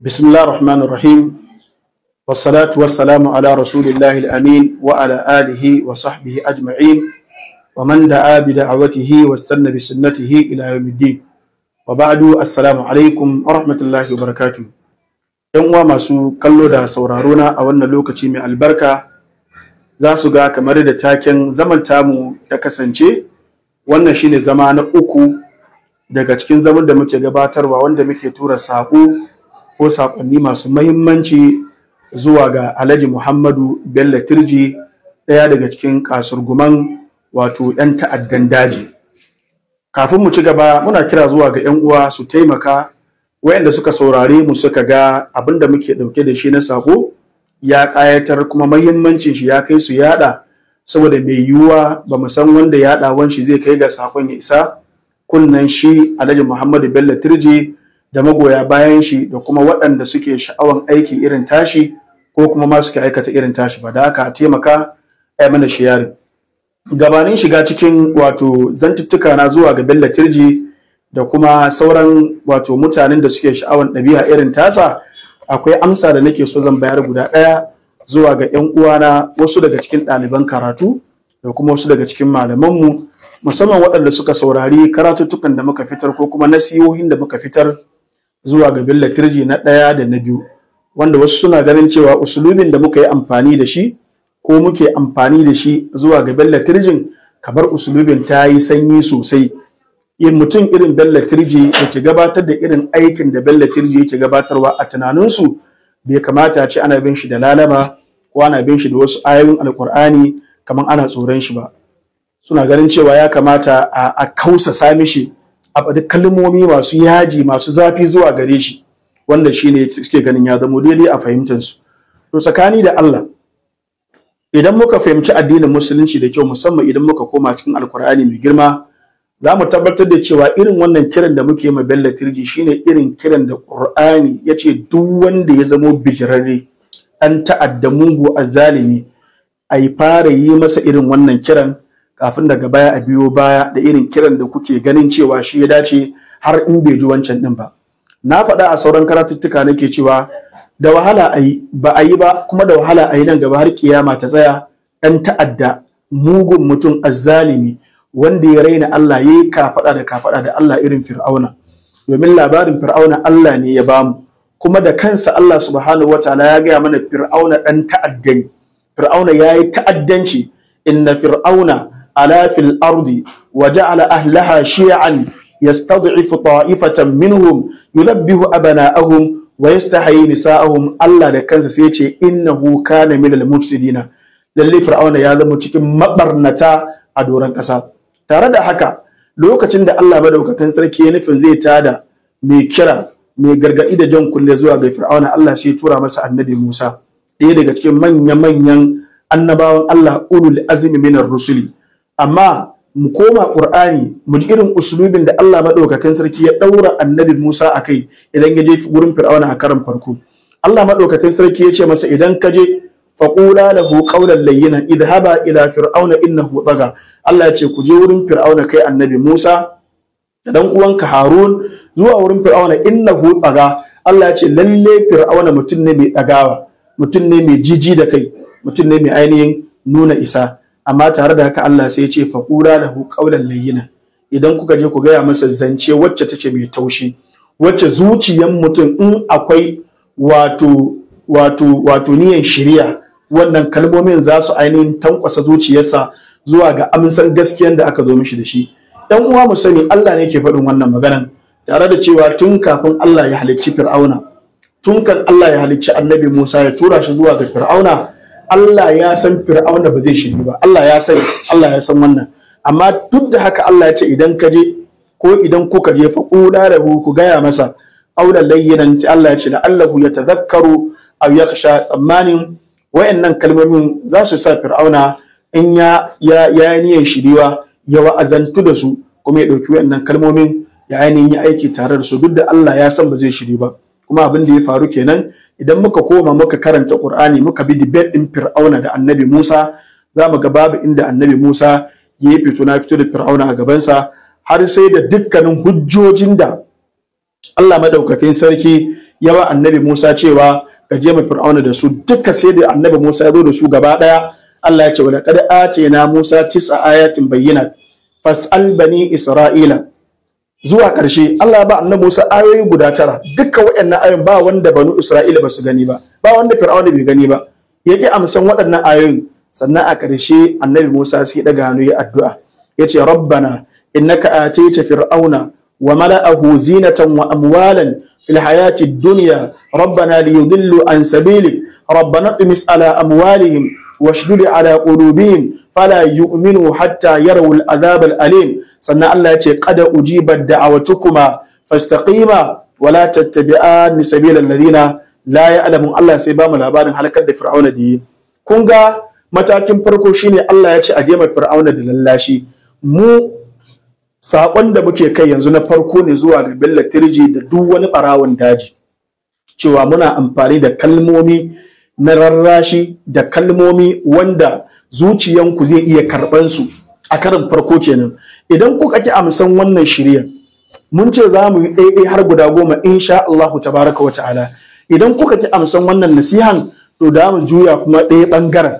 بسم الله الرحمن الرحيم والصلاة والسلام على رسول الله الأمين وعلى آله وصحبه أجمعين ومن دعا بدعوته واستنى بسنته إلى يوم الدين وبعد السلام عليكم ورحمة الله وبركاته uwa masu kallo da na a wannan lokaci mai albarka za su ga kamar da taken zaman tamu ta kasance wannan shine zama na uku daga cikin zaman da muke gabatarwa wanda muke tura saƙo ko saƙonni masu mahimmanci zuwa ga Alhaji Muhammadu Bello Tirji ɗaya daga cikin kasurguman wato 'yan ta'addan daji. Kafin mu ci gaba muna kira zuwa ga 'yan uwa su taimaka wayanda suka saurare mu suka ga abin da muke ɗauke da shi na sako ya ƙayatar kuma mahimmancin shi ya kai su yaɗa saboda mai yiwuwa ba mu san wanda yaɗawan shi zai kai ga sakon ya isa kunnan shi Alhaji Muhammadu Bello Tirji da magoya bayan shi da kuma waɗanda suke sha'awan aiki irin tashi ko kuma ma suke aikata irin tashi ba da haka taimaka a mana shiyari gabanin shiga cikin wato zantuttuka na zuwa ga Bello Tirji da kuma sauran wato mutanen da suke sha'awan ɗabi'a irin tasa akwai amsa da nake so zan bayar guda ɗaya zuwa ga 'yan uwana wasu daga cikin ɗaliban karatu da kuma wasu daga cikin malamanmu musamman waɗanda suka saurari karatuttukan da muka fitar ko kuma nasihohin da muka fitar zuwa ga billa kirji na ɗaya da na biyu wanda wasu suna ganin cewa usulubin da muka yi amfani da shi ko muke amfani da shi zuwa ga bello kirjin kamar usulubin ta yi sanyi sosai yin mutum irin bella da ke gabatar da irin aikin da bello tirji yake gabatarwa a tunaninsu bai kamata ce ana bin shi da lalaba ko ana bin shi da wasu ayoyin alkur'ani kamar ana tsoron shi ba suna ganin cewa ya kamata a kausa sami shi a faɗi kalmomi masu yaji masu zafi zuwa gare shi wanda shi ne suke ganin ya zamo daidai a fahimtansu to tsakani da Allah idan muka fahimci addinin musulunci da kyau musamman idan muka koma cikin alkur'ani mai girma za mu tabbatar da cewa irin wannan kiran da muke ma bella tirji shine irin kiran da qur'ani ya ce duk wanda ya zamo bijirarre an ta'adda mugu azzalimi a yi fara yi masa irin wannan kiran kafin daga baya a biyo baya da irin kiran da kuke ganin cewa shi ya dace har in bai ji wancan din ba na faɗa a sauran karatuttuka nake cewa da wahala a ba a yi ba kuma da wahala a yi nan gaba har kiyama ta tsaya ɗan ta'adda mugun mutum azzalimi wanda ya raina Allah ya yi kafaɗa da kafaɗa da Allah irin fir'auna domin labarin fir'auna Allah ne ya bamu kuma da kansa Allah subhanahu wataala ya gaya mana fir'auna ɗan ta'adda fir'auna ya yi ta'addanci inna fir'auna ala fil ardi wa ja'ala ahlaha shi'an yastad'ifu ta'ifatan minhum yulabbihu abana'ahum wa yastahi Allah da kansa sai ya ce innahu kana minal mufsidina lalle fir'auna ya zama cikin mabarnata a doron kasa tare da haka lokacin da Allah madaukakin sarki ya nufin zai tada mai kira mai gargadi da jan kulle zuwa ga fir'auna Allah sai tura masa annabi Musa ɗaya daga cikin manya-manyan annabawan Allah ulul azmi minar rusuli amma mu koma Qur'ani mu ji irin uslubin da Allah madaukakin sarki ya daura annabi Musa akai idan ya je gurin Fir'auna a karan farko Allah madaukakin sarki ya ce masa idan ka je faqula lahu qawlan layyinan idhaba ila fir'auna innahu tagha Allah ya ce ku je wurin Fir'auna kai annabi Musa da dan uwanka Harun zuwa wurin Fir'auna innahu tagha Allah ya ce lalle Fir'auna mutum ne mai dagawa mutum ne mai jiji da kai mutum ne mai ainihin nuna isa amma tare da haka Allah sai ya ce faqura lahu qawlan layyina idan kuka je ku gaya masa zance wacce take mai taushi wacce zuciyar mutum in akwai wato wato wato niyan shiriya wannan kalmomin za su ainihin tankwasa zuciyarsa zuwa ga amsan gaskiyan da aka zo mishi da shi ɗan uwa mu sani Allah ne ke faɗin wannan maganan tare da cewa tun kafin Allah ya halicci Fir'auna tun kan Allah ya halicci Annabi Musa ya tura shi zuwa ga Fir'auna Allah ya san fir'auna ba zai shirye ba Allah ya san Allah ya san wannan amma duk da haka Allah ya ce idan ka je ko idan kuka je fa da hu ku gaya masa auna layyinan sai Allah ya ce da Allah ya tazakkaru aw yakhsha tsammanin wayannan kalmomin za su sa fir'auna in ya ya ya niyan shiriwa ya wa'azantu da su kuma ya dauki wayannan kalmomin ya yi aiki tare da su duk da Allah ya san ba zai shiri ba kuma abin da ya faru kenan idan muka koma muka karanta Qur'ani muka bi debate din Fir'auna da Annabi Musa za mu ga babu inda Annabi Musa ya yi fito na fito da Fir'auna a gabansa har sai da dukkanin hujjojin da Allah madaukakin sarki ya ba Annabi Musa cewa ka je ma Fir'auna da su duka sai da Annabi Musa ya zo da su gaba daya Allah ya ce wa laqad atina Musa tis'a ayatin bayyinat fas'al bani Isra'ila zuwa ƙarshe Allah ba annabi Musa ayoyi guda tara dukkan waɗannan ayoyin ba wanda banu Isra'ila ba su gani ba ba wanda Fir'auna bai gani ba ya ki amsan waɗannan ayoyin sannan a ƙarshe annabi Musa sai daga hannu ya addu'a yace rabbana innaka atayta fir'auna wa mala'ahu zinatan wa amwalan fil hayati dunya rabbana liyudillu an sabilik rabbana tumis ala amwalihim washdud ala qulubihim fala yu'minu hatta yarawul azabal alim sannan Allah ya ce qad ujibat da'awatukuma fastaqima wala tattabi'an sabilal ladina la ya'lamun Allah sai ba mu labarin halakar da fir'auna da yi kun ga matakin farko shine Allah ya ce a gema fir'auna da lallashi mu sakon da muke kai yanzu na farko ne zuwa ga billatirji da duk wani barawon daji cewa muna amfani da kalmomi na rarrashi da kalmomi wanda zuciyanku zai iya karɓansu su a karin farko kenan idan kuka ki amsan wannan shirya mun ce za mu yi ɗaiɗai har guda goma insha Allah tabaraka wa ta'ala idan kuka ki amsan wannan nasihan to da mu juya kuma ɗaya ɓangaren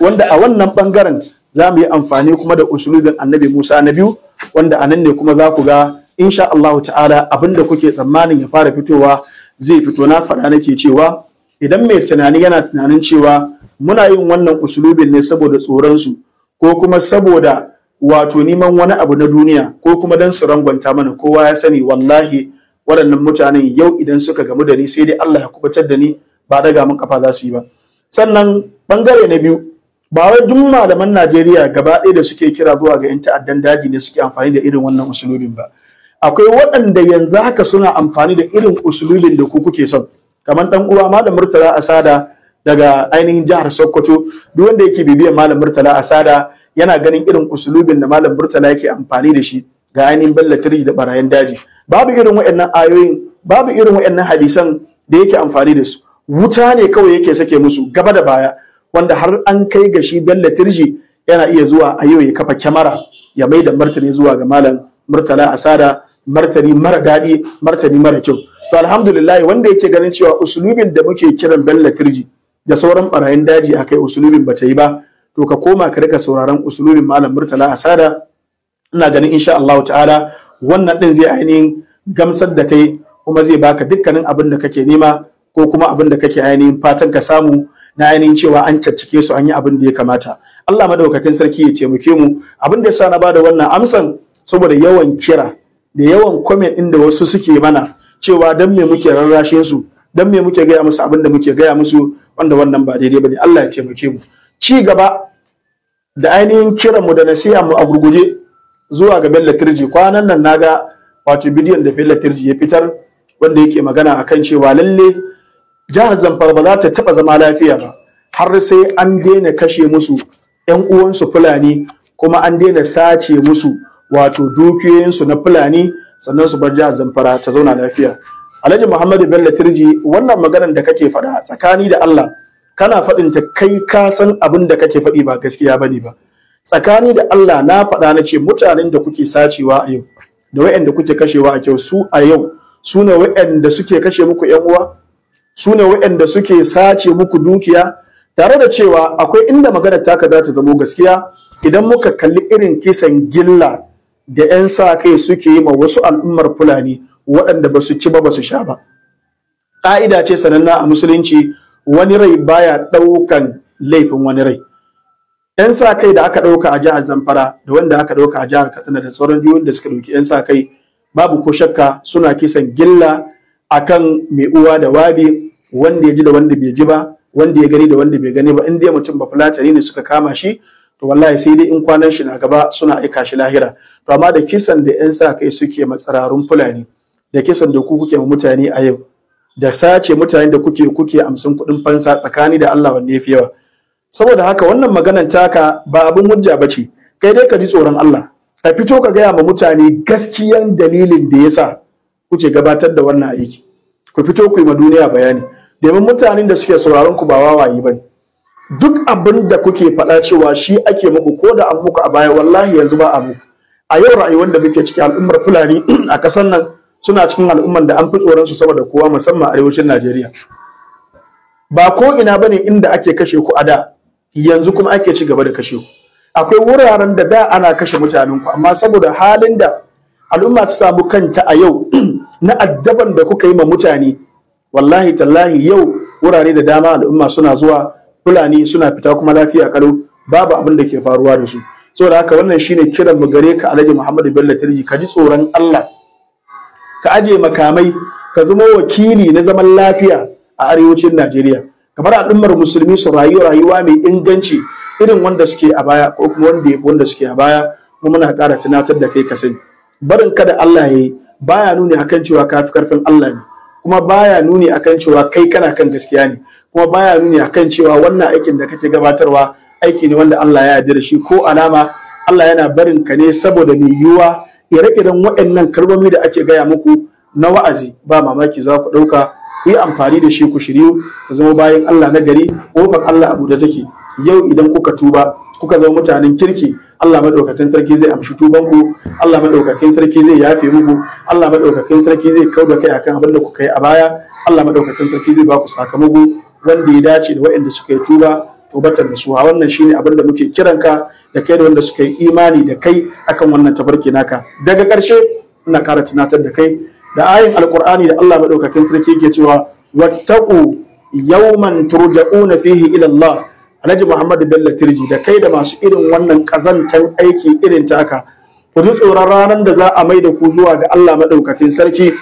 wanda a wannan ɓangaren za mu yi amfani kuma da usulubin annabi Musa na biyu wanda a nan ne kuma za ku ga insha Allah ta'ala abinda kuke tsammanin ya fara fitowa zai fito na faɗa nake cewa idan mai tunani yana tunanin cewa muna yin wannan usulubin ne saboda tsoron su ko kuma saboda wato neman wani abu na duniya ko kuma dan su rangwanta mana kowa ya sani wallahi waɗannan mutanen yau idan suka gamu da ni sai dai Allah ya kubatar da ni ba daga mun kafa za su yi ba sannan bangare na biyu ba wai duk malaman Najeriya gaba ɗaya da suke kira zuwa ga 'yan ta'addan daji ne suke amfani da irin wannan usulubin ba akwai waɗanda yanzu haka suna amfani da irin usulubin da ku kuke son kamar dan uwa malam Murtala Asada daga ainihin jihar Sokoto duk wanda yake bibiyar Malam Murtala Asada yana ganin irin usulubin da Malam Murtala yake amfani da shi ga ainihin Bellatrix da barayin daji babu irin waɗannan ayoyin babu irin waɗannan hadisan da yake amfani da su wuta ne kawai yake sake musu gaba da baya wanda har an kai ga shi tirji yana iya zuwa a yau ya kafa kyamara ya mai da martani zuwa ga Malam Murtala Asada martani mara daɗi martani mara kyau to alhamdulillah wanda yake ganin cewa usulubin da muke kiran tirji da sauran barayin daji akai usulubin bata yi ba to ka koma ka rika sauraron usulubin malam murtala asada ina ganin insha Allah ta'ala wannan din zai ainihin gamsar da kai kuma zai baka dukkanin abin da kake nema ko kuma abin da kake ainihin fatan ka samu na ainihin cewa an caccake su an yi abin da ya kamata Allah madaukakin sarki ya taimake mu abin da yasa na bada wannan amsan saboda yawan kira da yawan comment din da wasu suke mana cewa dan me muke rarrashe su dan me muke gaya musu abin da muke gaya musu wanda wannan ba daidai bane Allah ya taimake mu ci gaba da ainihin kiran mu da nasiha mu a gurguje zuwa ga Bella Tirji kwanan nan naga wato bidiyon da Bella Tirji ya fitar wanda yake magana akan cewa lalle jihar Zamfara ba za ta taba zama lafiya ba har sai an daina kashe musu yan uwansu Fulani kuma an daina sace musu wato dukiyoyinsu na Fulani sannan su bar jihar Zamfara ta zauna lafiya Alhaji Muhammadu Bello Tirji wannan maganar da kake faɗa tsakani da Allah kana faɗin ta kai ka san abin da kake faɗi ba gaskiya bane ba tsakani da Allah na faɗa na ce mutanen da kuke sacewa a yau da wayanda kuke kashewa a kyau su a yau su ne wayanda suke kashe muku yan uwa su ne wayanda suke sace muku dukiya tare da cewa akwai inda magana taka za ta zamo gaskiya idan muka kalli irin kisan gilla da 'yan sa kai suke yi ma wasu al'ummar Fulani waɗanda ba su ci ba ba su sha ba ƙa'ida ce sananna a musulunci wani rai baya ɗaukan laifin wani rai yan sa kai da aka ɗauka a jihar zamfara da wanda aka ɗauka a jihar katsina da sauran jihohin da suka ɗauki yan sa kai babu ko shakka suna kisan gilla a kan mai uwa da wabi wanda ya ji da wanda bai ji ba wanda ya gani da wanda bai gani ba in dai mutum ba fulatani ne suka kama shi to wallahi sai dai in kwanan shi na gaba suna aika shi lahira to amma da kisan da yan sa kai suke matsararun fulani da kisan da ku kuke ma mutane a yau da sace mutane da kuke kuke amsan kuɗin fansa tsakani da Allah wanne yafi yawa saboda haka wannan maganar taka ba abin hujja ba ce kai dai ka ji tsoron Allah ka fito ka gaya ma mutane gaskiyan dalilin da yasa kuke gabatar da wannan aiki ku fito ku yi ma duniya bayani domin mutanen da suke sauraron ku ba wawaye ba duk abin da kuke faɗa cewa shi ake muku ko da an muku a baya wallahi yanzu ba a a yau rayuwar da muke ciki al'ummar fulani a ƙasar nan suna cikin al'umman da an fi tsoron su saboda kowa musamman arewacin Najeriya ba ko ina bane inda ake kashe ku a da yanzu kuma ake ci gaba da kashe ku akwai wuraren da da ana kashe mutanen ku amma saboda halin da al'umma ta samu kanta a yau na addaban da kuka yi ma mutane wallahi tallahi yau wurare da dama al'umma suna zuwa fulani suna fita kuma lafiya kalo babu abin da ke faruwa da su saboda haka wannan shine kiran mu gare ka Alhaji Muhammadu Bello Tirji ka ji tsoron Allah ka aje makamai ka zama wakili na zaman lafiya a arewacin Najeriya kamar al'ummar musulmi su rayu rayuwa mai inganci irin wanda suke a baya ko kuma wanda wanda suke a baya kuma muna ƙara tunatar da kai ka sani barin kada Allah yayi baya nuni akan cewa ka fi karfin Allah ne kuma baya nuni akan cewa kai kana kan gaskiya ne kuma baya nuni akan cewa wannan aikin da kake gabatarwa aiki ne wanda Allah ya yarda shi ko alama Allah yana barin ka ne saboda mai yiwuwa ire-iren waɗannan kalmomi da ake gaya muku na wa'azi ba mamaki za ku ɗauka ku yi amfani da shi ku shiryu ku zama bayan Allah na gari ƙofar Allah abu da take yau idan kuka tuba kuka zama mutanen kirki Allah madaukakin sarki zai amshi tubanku Allah maɗaukakin sarki zai yafe muku Allah maɗaukakin sarki zai da kai akan abin da kuka yi a baya Allah maɗaukakin sarki zai ba ku sakamako wanda ya dace da waɗanda suka yi tuba da su, a wannan shine abin da muke kiranka da kai da wanda suka yi imani da kai akan wannan tabarki naka daga ƙarshe ina ƙara tunatar da kai da ayin alkur'ani da Allah madaukakin sarki yake cewa wattaqu yawman turja'una fihi ila Allah Alhaji Muhammadu Bello Tirji da kai da masu irin wannan kazantan aiki irin taka ku ji tsoron ranar da za a mai da ku zuwa ga Allah madaukakin sarki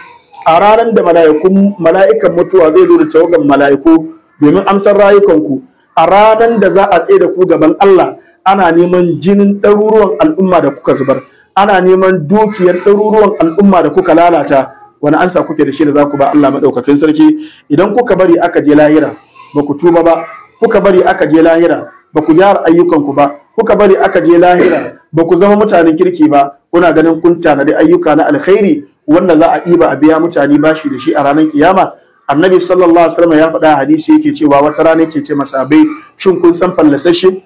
a ranar da mala'ikun mala'ikan mutuwa zai zo da tawagan mala'iku domin amsar rayukanku a ranar da za a tsaye da ku gaban Allah ana neman jinin ɗaruruwan al'umma da kuka zubar ana neman dukiyar ɗaruruwan al'umma da kuka lalata wani ansa kuke da shi da za ku ba Allah maɗaukakin sarki idan kuka bari aka je lahira ba ku tuba ba kuka bari aka je lahira ba ku gyara ayyukanku ba kuka bari aka je lahira ba ku zama mutanen kirki ba kuna ganin kun tanadi ayyuka na alkhairi wanda za a ɗiba a biya mutane bashi da shi a ranar kiyama annabi sallallahu alaihi wasallam ya faɗa hadisi yake cewa wata rana yake ce masabai shin kun san fallasashe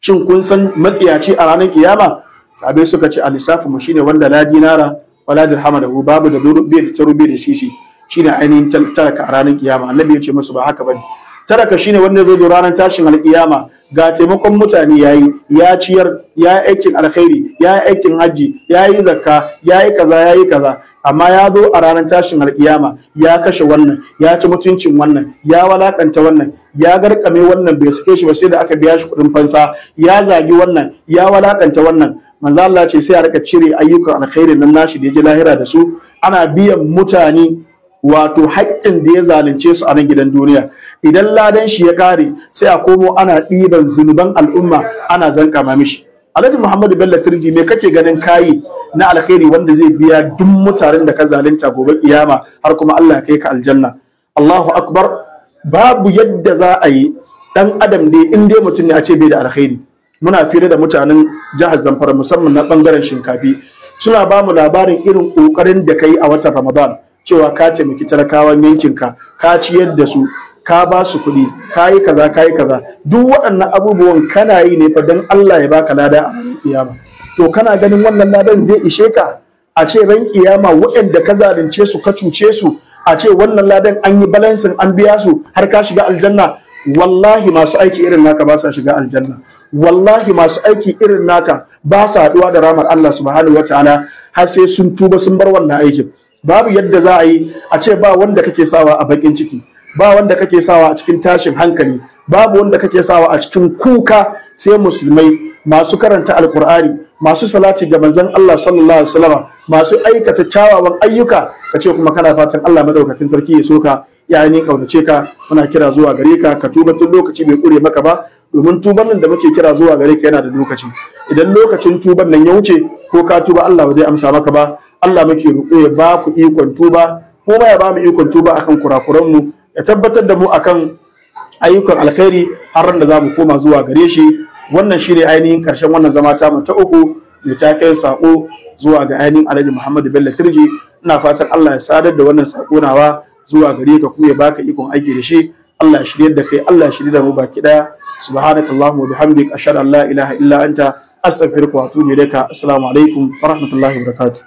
shin kun san matsiyaci a ranar kiyama sabai suka ce alisafu mu shine wanda la dinara wala dirhama da babu da rubi da da sisi shine ainihin talaka a ranar kiyama annabi ya ce musu ba haka bane talaka shine wanda zai zo ranar tashin alkiyama ga taimakon mutane yayi ya ciyar ya aikin alkhairi ya aikin hajji ya yi zakka ya yi kaza ya yi kaza amma ya zo a ranar tashin alkiyama ya kashe wannan ya ci mutuncin wannan ya walakanta wannan ya garkame wannan bai sake shi ba sai da aka biya shi kuɗin fansa ya zagi wannan ya walakanta wannan manzo Allah ce sai a rika cire ayyukan alkhairi nan nashi da ya lahira da su ana biyan mutane wato haƙƙin da ya zalunce su a nan gidan duniya idan ladan shi ya ƙare sai a komo ana ɗiban zunuban al'umma ana zanka ma mishi alhaji muhammadu bello turji me kake ganin kayi na alkhairi wanda zai biya duk mutanen da ka zalunta gobe kiyama har kuma Allah ya kai ka aljanna Allahu akbar babu yadda za a yi dan adam ne in dai mutum ne a ce bai da alkhairi muna fira da mutanen jihar Zamfara musamman na bangaren shinkafi suna ba mu labarin irin kokarin da kai a watan Ramadan cewa ka taimaki talakawan yankinka ka ciyar da su ka ba su kuɗi ka yi kaza ka yi kaza duk waɗannan abubuwan kana yi ne fa don Allah ya baka lada a kiyama to kana ganin wannan ladan zai ishe ka a ce ran kiyama waɗanda ka zalunce su ka cuce su a ce wannan ladan an yi balansin an biya su har ka shiga aljanna wallahi masu aiki irin naka ba sa shiga aljanna wallahi masu aiki irin naka ba sa haɗuwa da ramar Allah subhanahu ta'ala har sai sun tuba sun bar wannan aikin babu yadda za a yi a ce ba wanda kake sawa a bakin ciki ba wanda kake sawa a cikin tashin hankali babu wanda kake sawa a cikin kuka sai musulmai masu karanta alkur'ani masu salati ga manzon Allah sallallahu alaihi wasallam masu aikata kyawawan ayyuka kace kuma kana fatan Allah madaukakin sarki ya soka ya ni kaunace ka muna kira zuwa gare ka ka tuba tun lokaci bai kure maka ba domin tuban nan da muke kira zuwa gare ka yana da lokaci idan lokacin tuban nan ya wuce ko ka tuba Allah ba zai amsa maka ba Allah muke roƙo ya ba ku ikon tuba ko ba ya ba mu ikon tuba akan kurakuran mu ya tabbatar da mu akan ayyukan alkhairi har ran da za mu koma zuwa gare shi wannan ne ainihin karshen wannan zama ta mu ta uku mai kai sako zuwa ga ainihin Alhaji Muhammadu Bello Turji ina fatan Allah ya sadar da wannan sako nawa zuwa gare ka kuma ya baka ikon aiki da shi Allah ya shirya da kai Allah ya da mu baki daya subhanakallahumma wa bihamdika ashhadu an la ilaha illa anta astaghfiruka wa atubu ilaika assalamu alaikum wa rahmatullahi wa barakatu.